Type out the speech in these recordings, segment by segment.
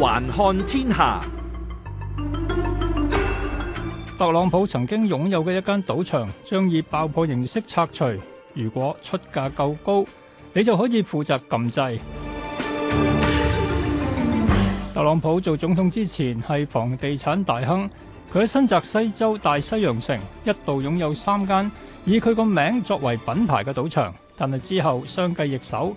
環看天下，特朗普曾經擁有嘅一間賭場將以爆破形式拆除。如果出價夠高，你就可以負責撳掣。特朗普做總統之前係房地產大亨，佢喺新澤西州大西洋城一度擁有三間以佢個名作為品牌嘅賭場，但係之後相繼易手。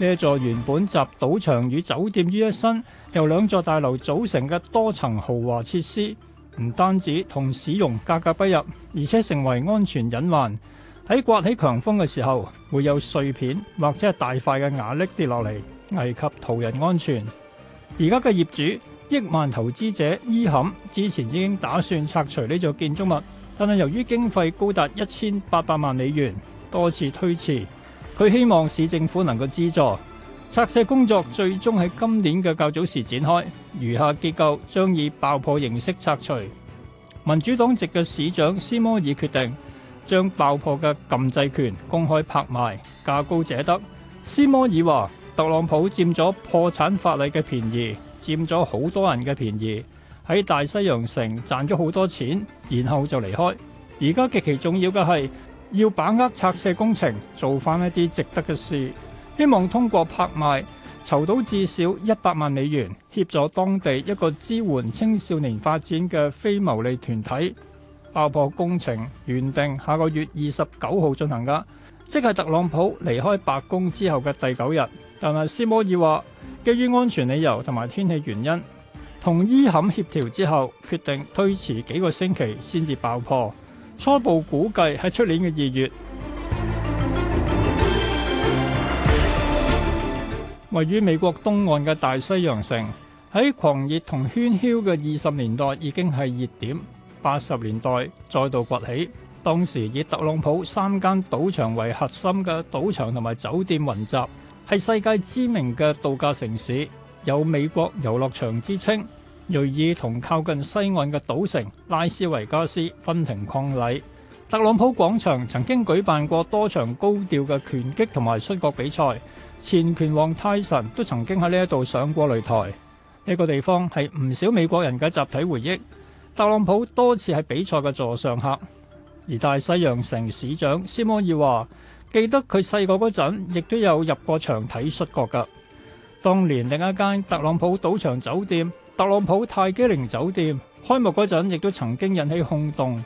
呢座原本集賭場與酒店於一身，由兩座大樓組成嘅多層豪華設施，唔單止同市容格格不入，而且成為安全隱患。喺颳起強風嘅時候，會有碎片或者係大塊嘅瓦礫跌落嚟，危及途人安全。而家嘅業主億萬投資者伊坎之前已經打算拆除呢座建築物，但係由於經費高達一千八百萬美元，多次推遲。佢希望市政府能夠資助拆卸工作，最終喺今年嘅較早時展開。餘下結構將以爆破形式拆除。民主黨籍嘅市長斯摩爾決定將爆破嘅禁制權公開拍賣，價高者得。斯摩爾話：特朗普佔咗破產法例嘅便宜，佔咗好多人嘅便宜，喺大西洋城賺咗好多錢，然後就離開。而家極其重要嘅係。要把握拆卸工程，做翻一啲值得嘅事。希望通過拍賣籌到至少一百萬美元，協助當地一個支援青少年發展嘅非牟利團體。爆破工程原定下個月二十九號進行噶，即係特朗普離開白宮之後嘅第九日。但係斯摩爾話，基於安全理由同埋天氣原因，同伊坎協調之後，決定推遲幾個星期先至爆破。初步估計喺出年嘅二月。位於美國東岸嘅大西洋城喺狂熱同喧囂嘅二十年代已經係熱點，八十年代再度崛起。當時以特朗普三間賭場為核心嘅賭場同埋酒店雲集，係世界知名嘅度假城市，有美國遊樂場之稱。瑞爾同靠近西岸嘅賭城拉斯維加斯分庭抗禮。特朗普廣場曾經舉辦過多場高調嘅拳擊同埋摔角比賽，前拳王泰臣都曾經喺呢一度上過擂台。呢個地方係唔少美國人嘅集體回憶。特朗普多次係比賽嘅座上客，而大西洋城市長斯摩爾話：記得佢細個嗰陣，亦都有入過場睇摔角㗎。當年另一間特朗普賭場酒店。特朗普泰姬陵酒店開幕嗰陣，亦都曾經引起轟動，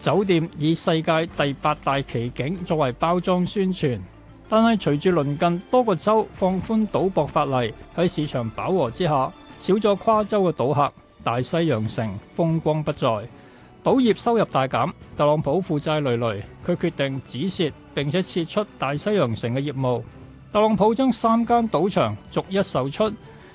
酒店以世界第八大奇景作為包裝宣傳，但係隨住鄰近多個州放寬賭博法例，喺市場飽和之下，少咗跨州嘅賭客，大西洋城風光不再，賭業收入大減，特朗普負債累累，佢決定止蝕，並且撤出大西洋城嘅業務，特朗普將三間賭場逐一售出。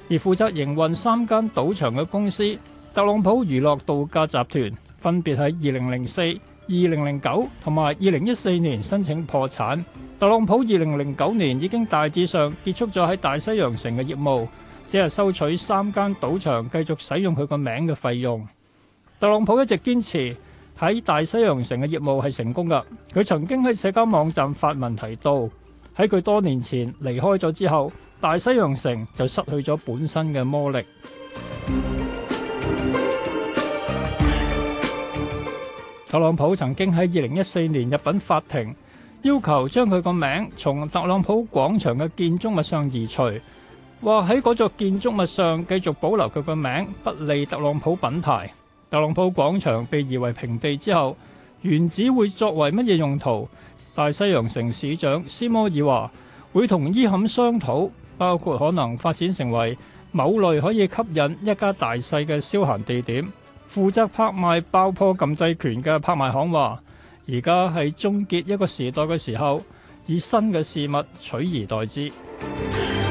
而負責營運三間賭場嘅公司，特朗普娛樂度假集團，分別喺二零零四、二零零九同埋二零一四年申請破產。特朗普二零零九年已經大致上結束咗喺大西洋城嘅業務，只係收取三間賭場繼續使用佢個名嘅費用。特朗普一直堅持喺大西洋城嘅業務係成功㗎。佢曾經喺社交網站發文提到。喺佢多年前離開咗之後，大西洋城就失去咗本身嘅魔力。特朗普曾經喺二零一四年入禀法庭，要求將佢個名從特朗普廣場嘅建築物上移除，話喺嗰座建築物上繼續保留佢個名，不利特朗普品牌。特朗普廣場被夷為平地之後，原址會作為乜嘢用途？大西洋城市長斯摩爾話：會同伊坎商討，包括可能發展成為某類可以吸引一家大細嘅消閒地點。負責拍賣爆破禁制權嘅拍賣行話：而家係終結一個時代嘅時候，以新嘅事物取而代之。